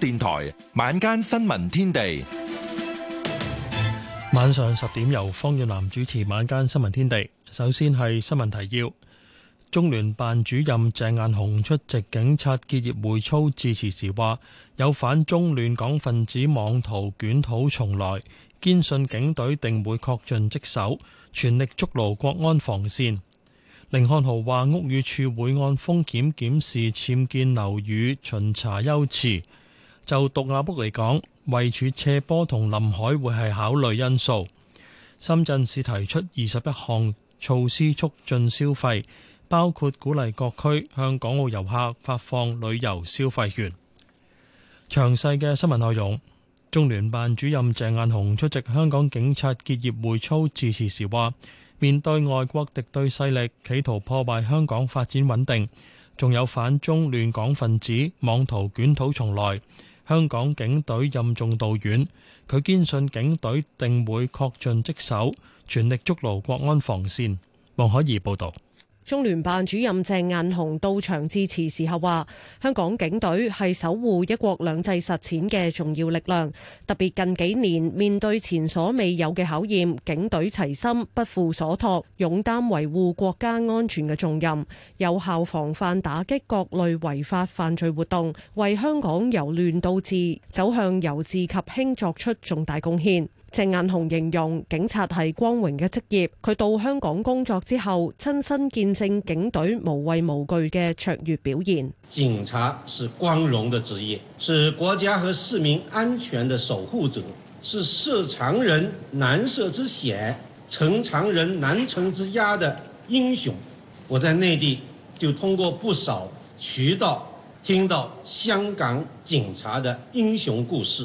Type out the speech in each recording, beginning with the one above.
電台晚間新聞天地，晚上十點由方遠南主持。晚間新聞天地，首先係新聞提要。中聯辦主任鄭雁雄出席警察結業會操致辭時，話有反中亂港分子妄圖捲土重來，堅信警隊定會恪盡職守，全力築牢國安防線。甯漢豪話，屋宇處會按風險檢視僭建樓宇，巡查休遲。就獨立屋嚟講，位處斜坡同臨海會係考慮因素。深圳市提出二十一項措施促進消費，包括鼓勵各區向港澳遊客發放旅遊消費券。詳細嘅新聞內容，中聯辦主任鄭雁雄出席香港警察結業會操致辭時話，面對外國敵對勢力，企圖破壞香港發展穩定，仲有反中亂港分子妄圖捲土重來。香港警隊任重道遠，佢堅信警隊定會恪盡職守，全力築牢國安防線，王海怡報道。中聯辦主任鄭雁雄到場致辭時候話：香港警隊係守護一國兩制實踐嘅重要力量，特別近幾年面對前所未有嘅考驗，警隊齊心，不負所託，勇擔維護國家安全嘅重任，有效防範打擊各類違法犯罪活動，為香港由亂到治、走向由治及興作出重大貢獻。鄭雁雄形容警察係光榮嘅職業，佢到香港工作之後，親身見證警隊無畏無懼嘅卓越表現。警察是光榮的職業，是國家和市民安全的守護者，是涉常人難涉之險、成常人難成之壓的英雄。我在內地就通過不少渠道聽到香港警察的英雄故事。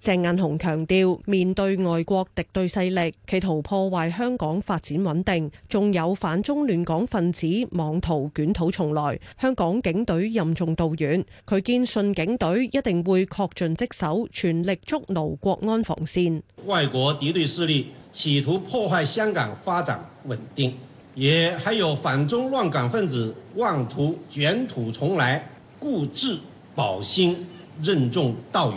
鄭雁雄強調，面對外國敵對勢力企圖破壞香港發展穩定，仲有反中亂港分子妄圖捲土重來，香港警隊任重道遠。佢堅信警隊一定會恪盡職守，全力捉牢國安防線。外國敵對勢力企圖破壞香港發展穩定，也還有反中亂港分子妄圖捲土重來，固執保新任重道遠。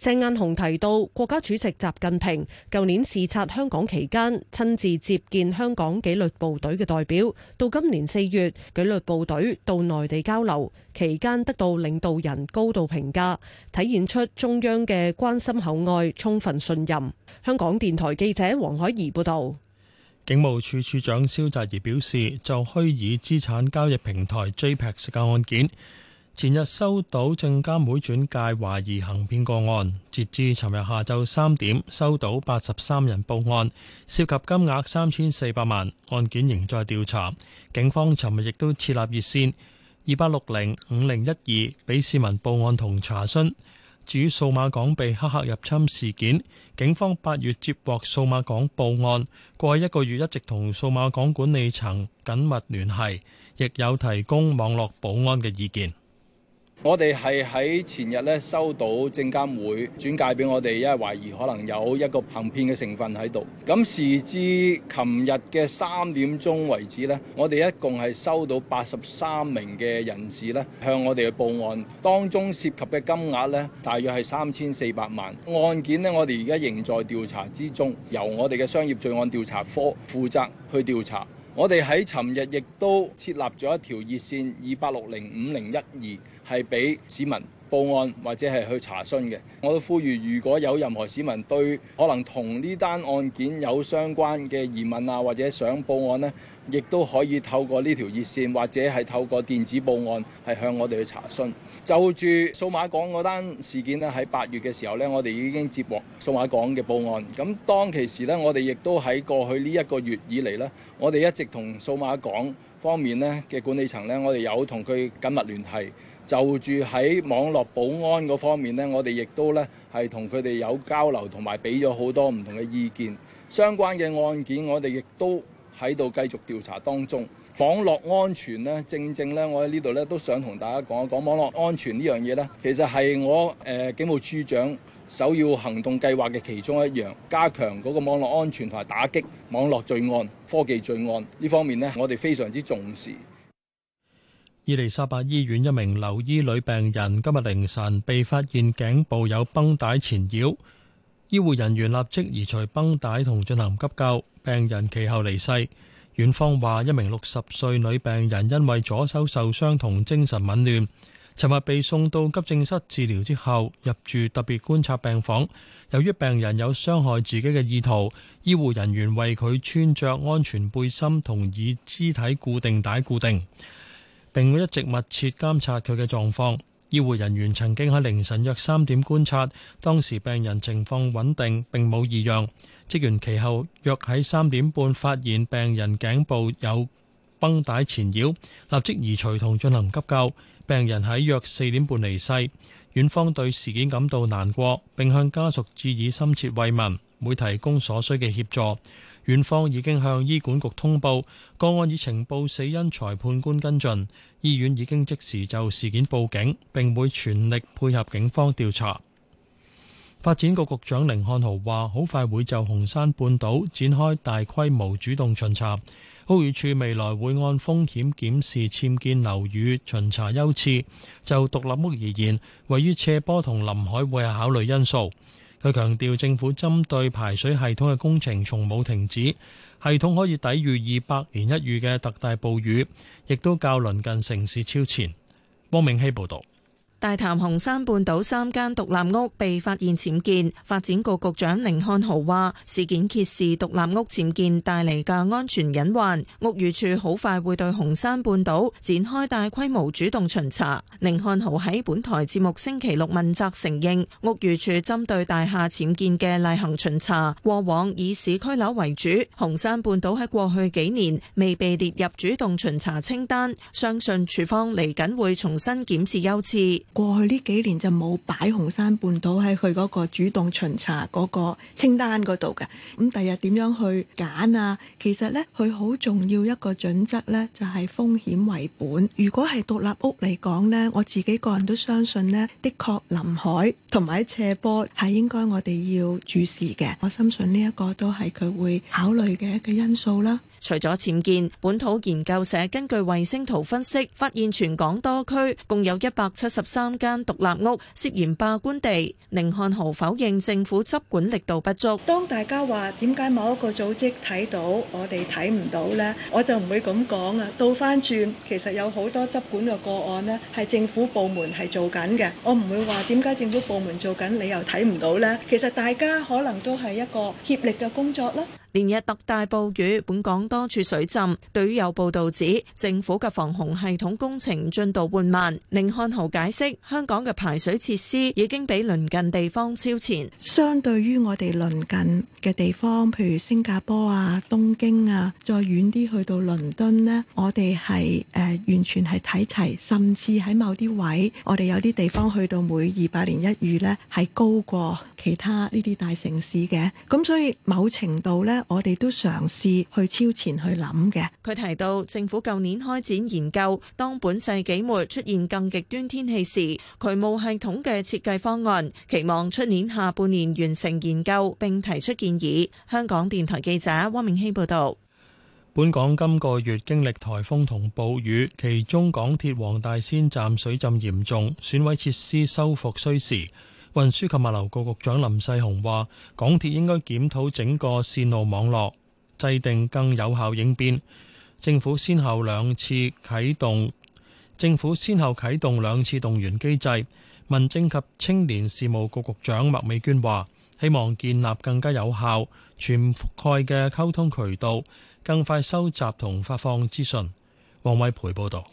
鄭雁雄提到，國家主席習近平舊年視察香港期間，親自接見香港紀律部隊嘅代表。到今年四月，紀律部隊到內地交流期間，得到領導人高度評價，體現出中央嘅關心厚愛、充分信任。香港電台記者黃海怡報道。警務處處長蕭澤頤表示，就虛擬資產交易平台 JPEX 嘅案件。前日收到證監會轉介，懷疑行騙個案，截至尋日下晝三點收到八十三人報案，涉及金額三千四百萬，案件仍在調查。警方尋日亦都設立熱線二八六零五零一二俾市民報案同查詢，至於數碼港被黑客入侵事件，警方八月接獲數碼港報案，過去一個月一直同數碼港管理層緊密聯繫，亦有提供網絡保安嘅意見。我哋係喺前日呢收到證監會轉介俾我哋，因為懷疑可能有一個行騙嘅成分喺度。咁時至琴日嘅三點鐘為止呢，我哋一共係收到八十三名嘅人士呢向我哋去報案，當中涉及嘅金額呢大約係三千四百萬。案件呢，我哋而家仍在調查之中，由我哋嘅商業罪案調查科負責去調查。我哋喺尋日亦都設立咗一條熱線，2 8 6 0 5 0 1 2，係俾市民報案或者係去查詢嘅，我都呼籲，如果有任何市民對可能同呢單案件有相關嘅疑問啊，或者想報案咧，亦都可以透過呢條熱線或者係透過電子報案，係向我哋去查詢。就住數碼港嗰單事件咧，喺八月嘅時候咧，我哋已經接獲數碼港嘅報案。咁當其時咧，我哋亦都喺過去呢一個月以嚟咧，我哋一直同數碼港方面咧嘅管理層咧，我哋有同佢緊密聯繫。就住喺網絡保安嗰方面呢，我哋亦都呢係同佢哋有交流，同埋俾咗好多唔同嘅意見。相關嘅案件，我哋亦都喺度繼續調查當中。網絡安全呢，正正呢，我喺呢度呢都想同大家講一講網絡安全呢樣嘢呢，其實係我誒警務處長首要行動計劃嘅其中一樣，加強嗰個網絡安全同埋打擊網絡罪案、科技罪案呢方面呢，我哋非常之重視。伊利沙伯醫院一名留醫女病人今日凌晨被發現頸部有繃帶纏繞，醫護人員立即移除繃帶同進行急救，病人其後離世。院方話，一名六十歲女病人因為左手受傷同精神紊亂，尋日被送到急症室治療之後入住特別觀察病房。由於病人有傷害自己嘅意圖，醫護人員為佢穿着安全背心同以肢體固定帶固定。並會一直密切監察佢嘅狀況。醫護人員曾經喺凌晨約三點觀察，當時病人情況穩定，並冇異樣。職員其後約喺三點半發現病人頸部有繃帶纏繞，立即移除同進行急救。病人喺約四點半離世。院方對事件感到難過，並向家屬致以深切慰問，會提供所需嘅協助。院方已經向醫管局通報個案，已呈報死因裁判官跟進。醫院已經即時就事件報警，並會全力配合警方調查。發展局局長甯漢豪話，好快會就紅山半島展開大規模主動巡查。屋宇署未來會按風險檢視僭建樓宇巡查優次。就獨立屋而言，位於斜坡同臨海會考慮因素。佢強調，政府針對排水系統嘅工程從冇停止，系統可以抵禦二百年一遇嘅特大暴雨，亦都較鄰近城市超前。汪明希報導。大潭紅山半島三間獨立屋被發現僭建，發展局局長甯漢豪話：事件揭示獨立屋僭建帶嚟嘅安全隱患，屋宇處好快會對紅山半島展開大規模主動巡查。甯漢豪喺本台節目星期六問責，承認屋宇處針對大廈僭建嘅例行巡查過往以市區樓為主，紅山半島喺過去幾年未被列入主動巡查清單，相信處方嚟緊會重新檢視優次。過去呢幾年就冇擺紅山半島喺佢嗰個主動巡查嗰個清單嗰度嘅。咁第日點樣去揀啊？其實呢，佢好重要一個準則呢，就係風險為本。如果係獨立屋嚟講呢，我自己個人都相信呢，的確臨海同埋斜坡係應該我哋要注視嘅。我深信呢一個都係佢會考慮嘅一個因素啦。除咗僭建，本土研究社根據衛星圖分析，發現全港多區共有一百七十三間獨立屋涉嫌霸官地。甯漢豪否認政府執管力度不足。當大家話點解某一個組織睇到，我哋睇唔到呢？我就唔會咁講啊。倒返轉，其實有好多執管嘅個案呢，係政府部門係做緊嘅。我唔會話點解政府部門做緊，你又睇唔到呢？其實大家可能都係一個協力嘅工作啦。連日特大暴雨，本港多處水浸。對於有報道指政府嘅防洪系統工程進度緩慢，寧漢豪解釋：香港嘅排水設施已經比鄰近地方超前。相對於我哋鄰近嘅地方，譬如新加坡啊、東京啊，再遠啲去到倫敦呢，我哋係誒完全係睇齊，甚至喺某啲位，我哋有啲地方去到每二百年一遇呢，係高過。其他呢啲大城市嘅，咁所以某程度咧，我哋都嘗試去超前去諗嘅。佢提到政府舊年開展研究，當本世紀末出現更極端天氣時，渠務系統嘅設計方案，期望出年下半年完成研究並提出建議。香港電台記者汪明希報道。本港今個月經歷颱風同暴雨，其中港鐵黃大仙站水浸嚴重，損毀設施修復需時。運輸及物流局局長林世雄話：港鐵應該檢討整個綫路網絡，制定更有效應變。政府先後兩次啟動，政府先後啟動兩次動員機制。民政及青年事務局局長麥美娟話：希望建立更加有效、全覆蓋嘅溝通渠道，更快收集同發放資訊。王偉培報道。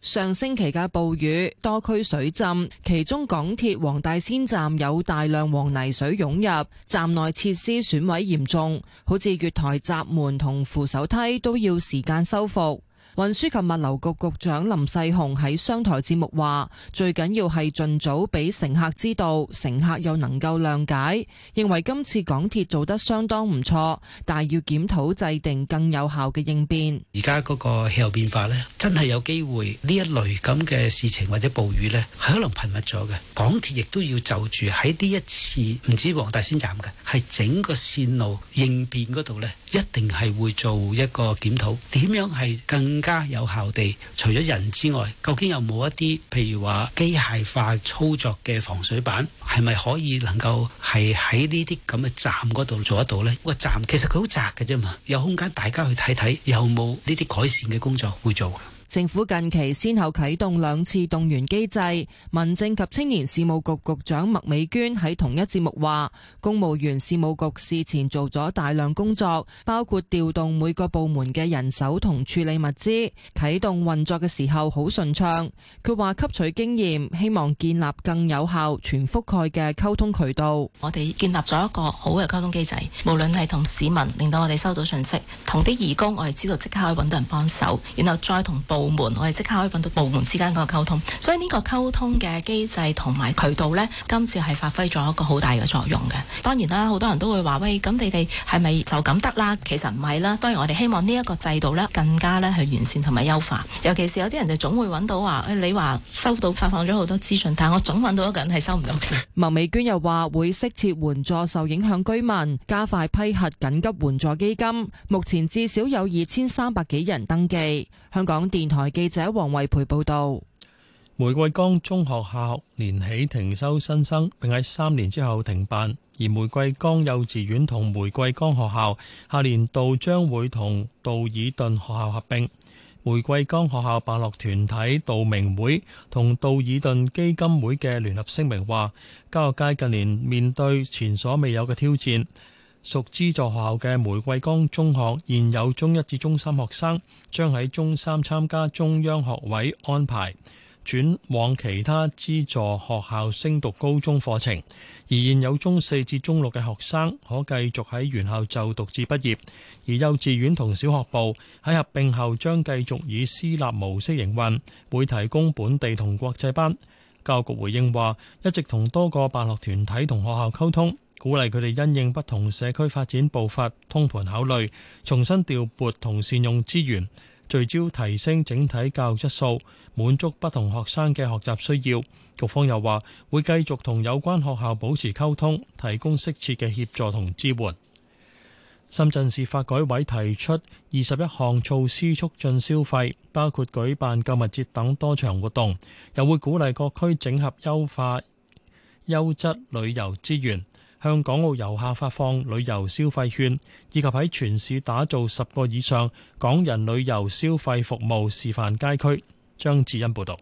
上星期嘅暴雨，多區水浸，其中港鐵黃大仙站有大量黃泥水湧入，站內設施損毀嚴重，好似月台閘門同扶手梯都要時間修復。運輸及物流局局長林世雄喺商台節目話，最緊要係盡早俾乘客知道，乘客又能夠諒解，認為今次港鐵做得相當唔錯，但係要檢討制定更有效嘅應變。而家嗰個氣候變化呢，真係有機會呢一類咁嘅事情或者暴雨呢，係可能頻密咗嘅。港鐵亦都要就住喺呢一次唔止黃大仙站嘅，係整個綫路應變嗰度呢，一定係會做一個檢討，點樣係更加。加有效地除咗人之外，究竟有冇一啲譬如話機械化操作嘅防水板，係咪可以能夠係喺呢啲咁嘅站嗰度做得到咧？個站其實佢好窄嘅啫嘛，有空間大家去睇睇，有冇呢啲改善嘅工作會做的。政府近期先後啟動兩次動員機制，民政及青年事務局局長麥美娟喺同一節目話，公務員事務局事前做咗大量工作，包括調動每個部門嘅人手同處理物資，啟動運作嘅時候好順暢。佢話吸取經驗，希望建立更有效、全覆蓋嘅溝通渠道。我哋建立咗一個好嘅溝通機制，無論係同市民令到我哋收到信息，同啲義工我哋知道即刻可以揾到人幫手，然後再同部門，我哋即刻可以揾到部門之間嗰個溝通，所以呢個溝通嘅機制同埋渠道呢，今次係發揮咗一個好大嘅作用嘅。當然啦，好多人都會話，喂，咁你哋係咪就咁得啦？其實唔係啦。當然，我哋希望呢一個制度呢更加呢係完善同埋優化。尤其是有啲人就總會揾到話，你話收到發放咗好多資訊，但係我總揾到一個人係收唔到嘅。麥美娟又話，會適切援助受影響居民，加快批核緊急援助基金。目前至少有二千三百幾人登記。香港電台記者黃慧培報道：玫瑰崗中學下學年起停收新生，並喺三年之後停辦；而玫瑰崗幼稚園同玫瑰崗學校下年度將會同道爾頓學校合併。玫瑰崗學校辦學團體道明會同道爾頓基金會嘅聯合聲明話：教育界近年面對前所未有嘅挑戰。屬資助學校嘅玫瑰崗中學，現有中一至中三學生將喺中三參加中央學位安排，轉往其他資助學校升讀高中課程；而現有中四至中六嘅學生可繼續喺原校就讀至畢業。而幼稚園同小學部喺合併後，將繼續以私立模式營運，會提供本地同國際班。教育局回應話，一直同多個辦學團體同學校溝通。鼓勵佢哋因應不同社區發展步伐，通盤考慮重新調撥同善用資源，聚焦提升整體教育質素，滿足不同學生嘅學習需要。局方又話會繼續同有關學校保持溝通，提供適切嘅協助同支援。深圳市發改委提出二十一項措施促進消費，包括舉辦購物節等多場活動，又會鼓勵各區整合優化優質旅遊資源。向港澳遊客發放旅遊消費券，以及喺全市打造十個以上港人旅遊消費服務示範街區，張志恩報道。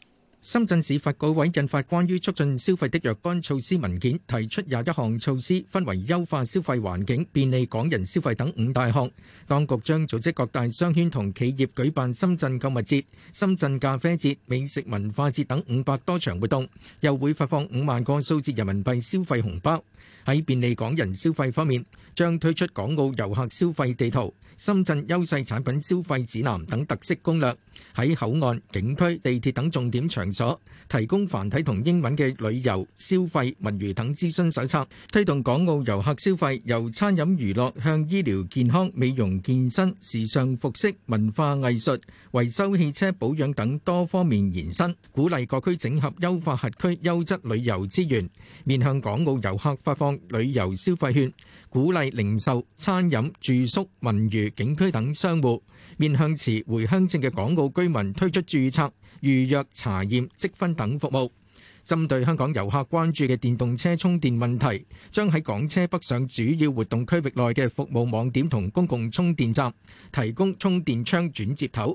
深圳市發改委印發關於促進消費的若干措施文件，提出廿一項措施，分為優化消費環境、便利港人消費等五大項。當局將組織各大商圈同企業舉辦深圳購物節、深圳咖啡節、美食文化節等五百多場活動，又會發放五萬個數字人民幣消費紅包。喺便利港人消費方面，將推出港澳遊客消費地圖、深圳優勢產品消費指南等特色攻略。喺口岸、景區、地鐵等重點場所提供繁體同英文嘅旅遊消費、文娛等諮詢手冊，推動港澳遊客消費由餐飲娛樂向醫療健康、美容健身、時尚服飾、文化藝術、維修汽車保養等多方面延伸，鼓勵各區整合優化轄區優質旅遊資源，面向港澳遊客發放旅遊消費券。鼓勵零售、餐飲、住宿、文娛景區等商戶，面向持回鄉證嘅港澳居民推出註冊、預約、查驗、積分等服務。針對香港遊客關注嘅電動車充電問題，將喺港車北上主要活動區域內嘅服務網點同公共充電站提供充電槍轉接頭。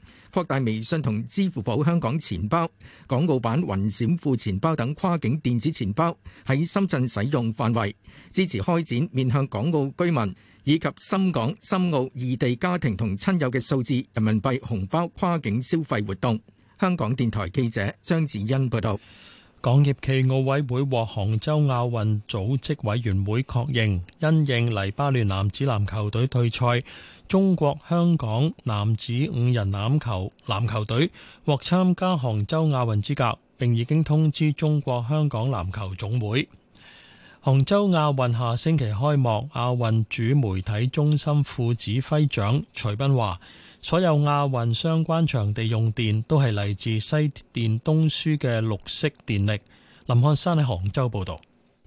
擴大微信同支付寶香港錢包、港澳版雲閃付錢包等跨境電子錢包喺深圳使用範圍，支持開展面向港澳居民以及深港、深澳異地家庭同親友嘅數字人民幣紅包跨境消費活動。香港電台記者張子欣報道。港協暨奧委會獲杭州亞運組織委員會確認，因應黎巴嫩男子籃球隊退賽，中國香港男子五人籃球籃球隊獲參加杭州亞運資格，並已經通知中國香港籃球總會。杭州亞運下星期開幕，亞運主媒體中心副指揮長徐斌話，所有亞運相關場地用電都係嚟自西電東輸嘅綠色電力。林漢山喺杭州報道。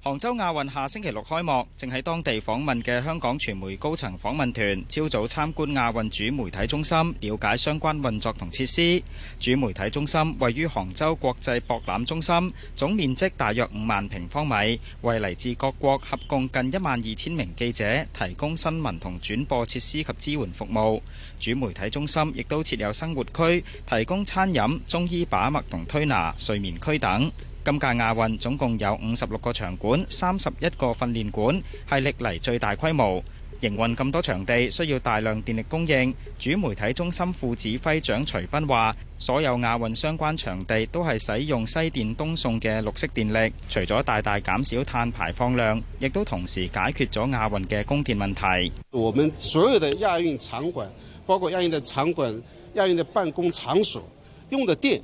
杭州亞運下星期六開幕，正喺當地訪問嘅香港傳媒高層訪問團朝早參觀亞運主媒體中心，了解相關運作同設施。主媒體中心位於杭州國際博覽中心，總面積大約五萬平方米，為嚟自各國合共近一萬二千名記者提供新聞同轉播設施及支援服務。主媒體中心亦都設有生活區，提供餐飲、中醫把脈同推拿、睡眠區等。今屆亞運總共有五十六個場館、三十一個訓練館，係歷嚟最大規模。營運咁多場地需要大量電力供應。主媒體中心副指揮長徐斌話，所有亞運相關場地都係使用西電東送嘅綠色電力，除咗大大減少碳排放量，亦都同時解決咗亞運嘅供電問題。我們所有的亞運場館包括亞運的場館亞運的辦公場所，用的電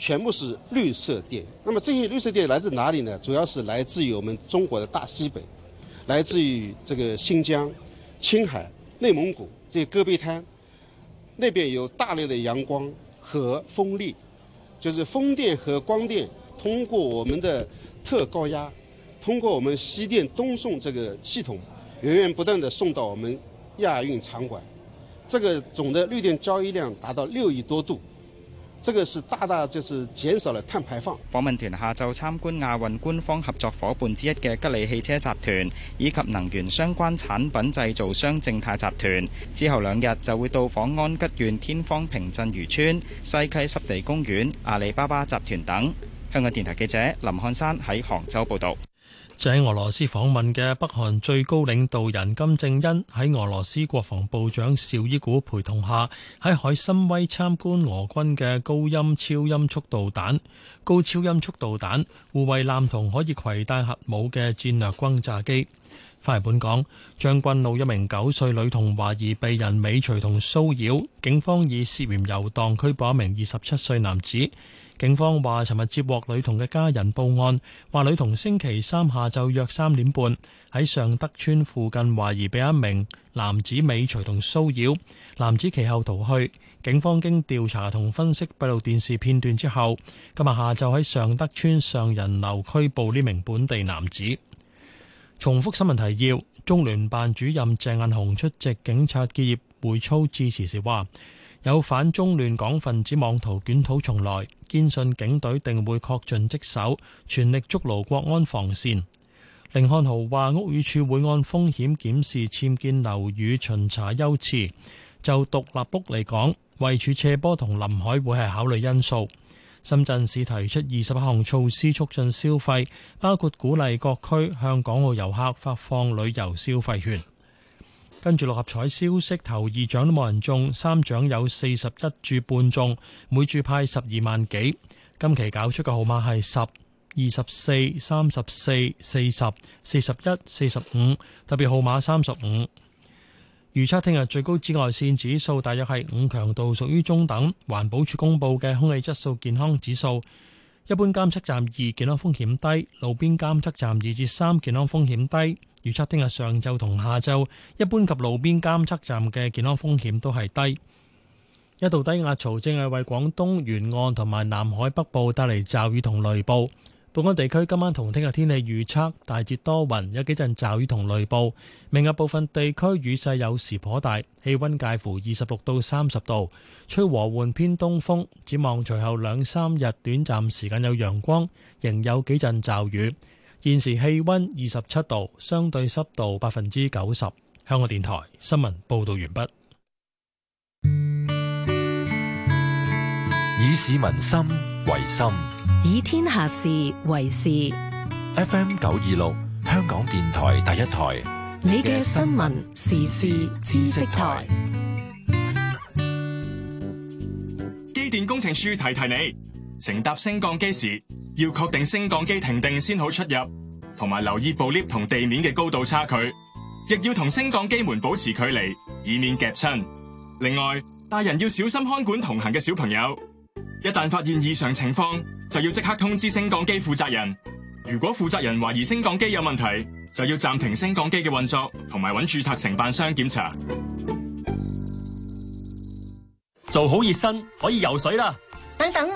全部是綠色電。那麼這些綠色電來自哪裏呢？主要是來自於我們中國的大西北，來自於這個新疆、青海、內蒙古這些戈壁灘，那邊有大量的陽光和風力，就是風電和光電，通過我們的特高壓，通過我們西電東送這個系統，源源不斷的送到我們亞運場館。這個總的綠電交易量達到六億多度。這個是大大就是減少了碳排放。訪問團下晝參觀亞運官方合作伙伴之一嘅吉利汽車集團，以及能源相關產品製造商正泰集團。之後兩日就會到訪安吉縣天方坪鎮天荒坪漁村、西溪濕地公園、阿里巴巴集團等。香港電台記者林漢山喺杭州報導。就喺俄羅斯訪問嘅北韓最高領導人金正恩喺俄羅斯國防部長邵伊古陪同下，喺海參崴參觀俄軍嘅高音超音速導彈、高超音速導彈，護衛艦同可以攜帶核武嘅戰略轟炸機。翻嚟本港，將軍路一名九歲女童懷疑被人尾隨同騷擾，警方以涉嫌遊蕩拘捕，拘捕一名二十七歲男子。警方話：尋日接獲女童嘅家人報案，話女童星期三下晝約三點半喺尚德村附近懷疑被一名男子尾隨同騷擾，男子其後逃去。警方經調查同分析閉路電視片段之後，今日下晝喺尚德村尚仁樓拘捕呢名本地男子。重複新聞提要：中聯辦主任鄭雁雄出席警察結業會操致詞時話。有反中亂港分子妄圖捲土重來，堅信警隊定會恪盡職守，全力築牢國安防線。凌漢豪話：屋宇署會按風險檢視僭建樓宇巡查優次，就獨立屋嚟講，位處斜坡同臨海會係考慮因素。深圳市提出二十一項措施促進消費，包括鼓勵各區向港澳遊客發放旅遊消費券。跟住六合彩消息，頭二獎都冇人中，三獎有四十一注半中，每注派十二萬幾。今期搞出嘅號碼係十二、十四、三十四、四十、四十一、四十五，特別號碼三十五。預測聽日最高紫外線指數大約係五強度，屬於中等。環保署公布嘅空氣質素健康指數，一般監測站二，健康風險低，路邊監測站二至三，健康風險低。預測聽日上晝同下晝，一般及路邊監測站嘅健康風險都係低。一道低壓槽正係為廣東沿岸同埋南海北部帶嚟驟雨同雷暴。本港地區今晚同聽日天氣預測大致多雲，有幾陣驟雨同雷暴。明日部分地區雨勢有時頗大，氣温介乎二十六到三十度，吹和緩偏東風。展望隨後兩三日短暫時間有陽光，仍有幾陣驟雨。現時氣溫二十七度，相對濕度百分之九十。香港電台新聞報道完畢。以市民心為心，以天下事為事。F. M. 九二六，香港電台第一台。你嘅新聞時事知識台。機電工程署提提你，乘搭升降機時，要確定升降機停定先好出入，同埋留意部 lift 同地面嘅高度差距，亦要同升降機門保持距離，以免夾親。另外，大人要小心看管同行嘅小朋友，一旦發現異常情況，就要即刻通知升降機負責人。如果負責人懷疑升降機有問題，就要暫停升降機嘅運作，同埋揾註冊承辦商檢查。做好熱身，可以游水啦。等等。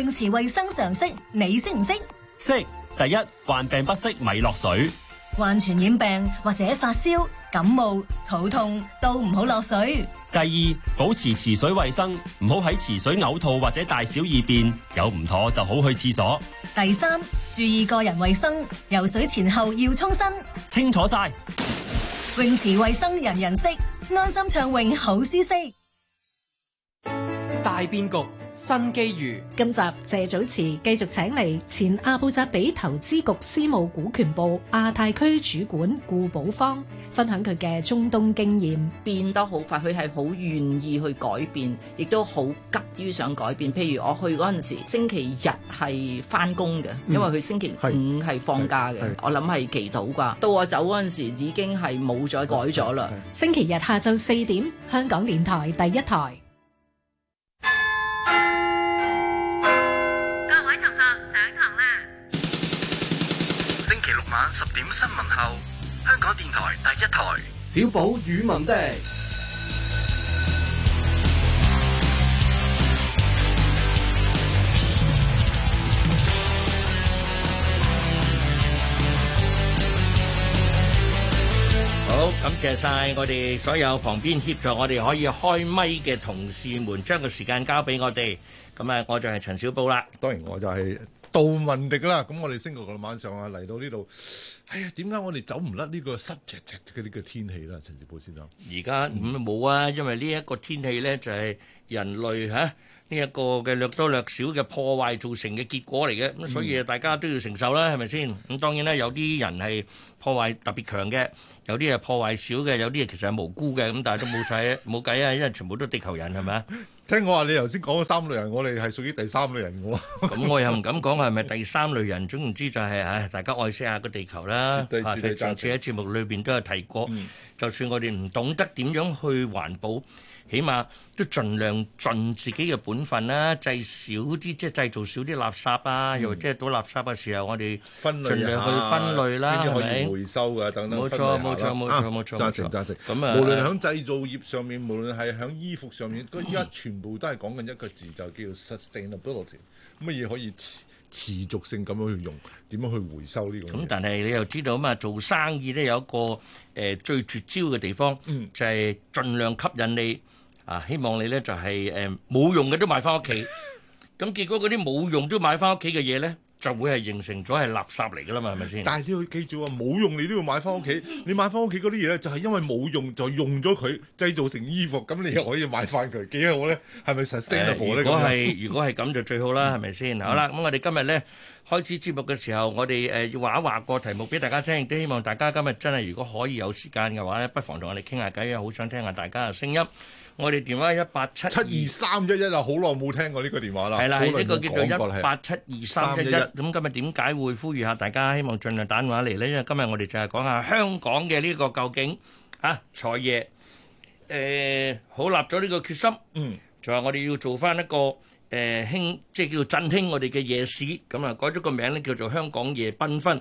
泳池衛生常識，你識唔識？識。第一，患病不適咪落水。患傳染病或者發燒、感冒、肚痛都唔好落水。第二，保持池水衛生，唔好喺池水嘔吐或者大小二便，有唔妥就好去廁所。第三，注意個人衛生，游水前後要沖身。清楚晒。泳池衛生，人人識，安心暢泳好舒適。大變局。新機遇，今集謝祖慈繼續請嚟前阿布扎比投資局私募股權部亞太區主管顧寶芳，分享佢嘅中東經驗。變得好快，佢係好願意去改變，亦都好急於想改變。譬如我去嗰陣時，星期日係返工嘅，因為佢星期五係放假嘅。嗯、我諗係祈禱啩，到我走嗰陣時已經係冇咗改咗啦。星期日下晝四點，香港電台第一台。五新聞後，香港電台第一台小寶語文的，好，感謝晒我哋所有旁邊協助我哋可以開咪嘅同事們，將個時間交俾我哋。咁啊，我就係陳小寶啦。當然，我就係。杜文迪啦，咁我哋星期六晚上啊嚟到呢度，哎呀，點解我哋走唔甩呢個濕赤赤嘅呢個天氣啦？陳志寶先生，而家唔咪冇啊，因為呢一個天氣咧就係、是、人類嚇呢一個嘅略多略少嘅破壞造成嘅結果嚟嘅，咁所以大家都要承受啦，係咪先？咁當然啦，有啲人係破壞特別強嘅，有啲係破壞少嘅，有啲啊其實係無辜嘅，咁但係都冇使，冇計 啊，因為全部都係地球人係咪啊？ 聽我話，你頭先講咗三類人，我哋係屬於第三類人喎。咁 我又唔敢講係咪第三類人， 總然之就係、是哎、大家愛惜下個地球啦。上次喺節目裏邊都有提過，嗯、就算我哋唔懂得點樣去環保。起碼都盡量盡自己嘅本分啦、啊，製少啲即係製造少啲垃圾啊！又即係倒垃圾嘅時候，我哋儘量去分類啦、啊，可以回收噶等等。冇錯冇錯冇錯冇錯。贊成贊成。咁啊，無論喺製造業上面，無論係喺衣服上面，佢而家全部都係講緊一個字，就叫 sustainability，咁乜嘢可以持續性咁樣去用，點樣去回收呢個？咁但係你又知道啊嘛？做生意咧有一個誒最絕招嘅地方，就係、是、儘量吸引你。啊！希望你咧就係誒冇用嘅都買翻屋企，咁結果嗰啲冇用都買翻屋企嘅嘢咧，就會係形成咗係垃圾嚟㗎啦嘛，係咪先？但係你要記住喎，冇用你都要買翻屋企。你買翻屋企嗰啲嘢咧，就係因為冇用就用咗佢製造成衣服，咁你又可以買翻佢。幾好咧，係咪 sustainable 咧？如果係，如果係咁就最好啦，係咪先？好啦，咁我哋今日咧開始節目嘅時候，我哋誒要話一話個題目俾大家聽，都希望大家今日真係如果可以有時間嘅話咧，不妨同我哋傾下偈啊！好想聽下大家嘅聲音。我哋電話一八七七二三一一，又好耐冇聽過呢個電話啦，係啦的，呢個叫做一八七二三一一。咁今日點解會呼籲下大家，希望盡量打電話嚟呢？因為今日我哋就係講下香港嘅呢個究竟啊，財爺誒，好立咗呢個決心，嗯，就話我哋要做翻一個誒興、呃，即係叫振興我哋嘅夜市，咁啊改咗個名咧叫做香港夜繽紛。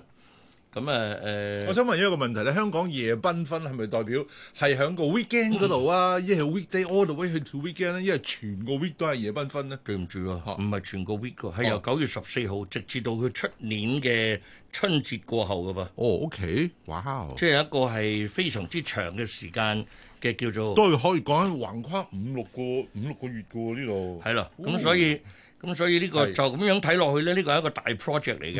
咁誒誒，呃、我想問一個問題咧，香港夜繽紛係咪代表係喺個 weekend 嗰度啊？亦係、嗯、weekday all the way 去 to weekend 咧？亦係全個 week 都係夜繽紛咧？對唔住喎，唔係、啊、全個 week 喎，係由九月十四號直至到佢出年嘅春節過後嘅噃。哦，OK，哇、wow，即係一個係非常之長嘅時間嘅叫做，都係可以講係橫跨五六個五六個月嘅呢度。係啦，咁所以咁、哦、所以呢個就咁樣睇落去咧，呢是個係一個大 project 嚟嘅。